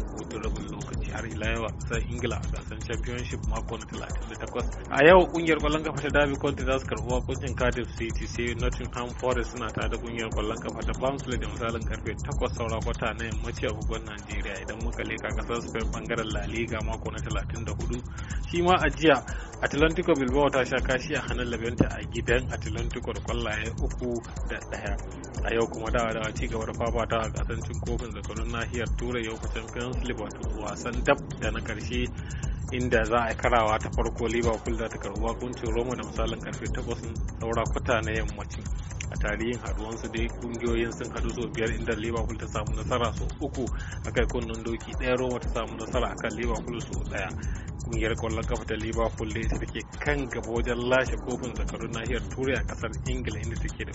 daga hutun rabin lokaci har ila a sai ingila a gasar championship mako na talatin da takwas a yau kungiyar kwallon kafa ta dabi kwanti za su karbi wakuncin cardiff city sai nottingham forest suna tare da kungiyar kwallon kafa ta barnsley da misalin karfe takwas saura kwata na yammaci a gugun najeriya idan muka leka kasar spain bangaren la liga mako na talatin da hudu shi ma a jiya atlantico bilbao ta sha kashi a hannun labenta a gidan atlantico da kwallaye uku da daya a yau kuma da da ci gaba da fafata a gasar cin kofin zakarun nahiyar turai yau champions league wato wasan dab da na karshe inda za a karawa ta farko liverpool da ta karbi wakuncin roma da misalin karfe 8 saura kwata na yammacin a tarihin haduwansu dai kungiyoyin sun hadu sau biyar inda liverpool ta samu nasara sau uku a kai kunnen doki ɗaya roma ta samu nasara akan liverpool sau ɗaya kungiyar kwallon kafa ta liverpool da ita take kan gaba wajen lashe kofin zakarun nahiyar turai a kasar ingila inda take da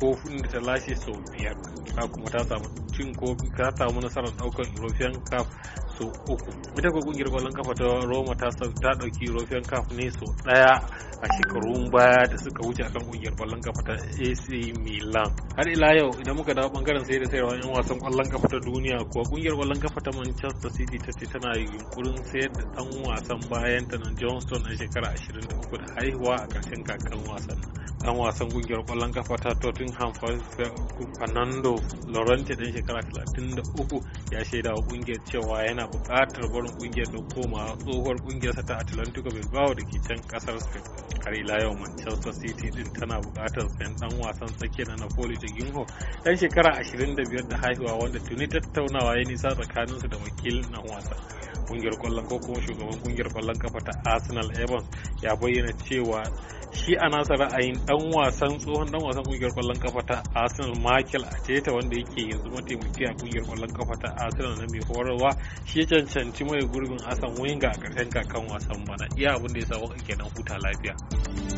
kofin da ta lashe sau biyar ta kuma ta samu cin kofi ta samu nasarar daukar european cup sau uku ita ko kungiyar kwallon kafa ta roma ta dauki european cup ne sau daya a shekarun baya da suka wuce akan kungiyar kwallon kafa ta AC Milan har ila yau idan muka dawo bangaren sai da sayarwa yan wasan kwallon kafa ta duniya kuwa kungiyar kwallon kafa ta Manchester City ta ce tana yunkurin sayar da ɗan wasan bayan ta na Johnston a shekara 23 da haihuwa a ƙarshen kakan wasan dan wasan kungiyar kwallon kafa ta Tottenham Fernando Llorente dan shekara 33 ya shaida wa kungiyar cewa yana buƙatar barin kungiyar da koma tsohuwar kungiyarsa ta Atlantico Bilbao da ke can kasar Spain. Har ila yau Manchester City din tana buƙatar sayan dan wasan tsakiya na Napoli da Ginho dan shekara 25 da haihuwa wanda tuni tattaunawa ya nisa su da wakilin na wasa. Kungiyar kwallon ko kuma shugaban kungiyar kwallon kafa ta Arsenal Evans ya bayyana cewa shi a nasa ra'ayin dan wasan tsohon dan wasan kungiyar kwallon kafa ta Arsenal Michael Arteta wanda yake yanzu mataimaki a kungiyar kwallon kafa ta Arsenal na mai horarwa shi ya cancanci mai gurbin Asan Wenger a karshen kakan wasan bana iya abin da ya sa kenan huta lafiya.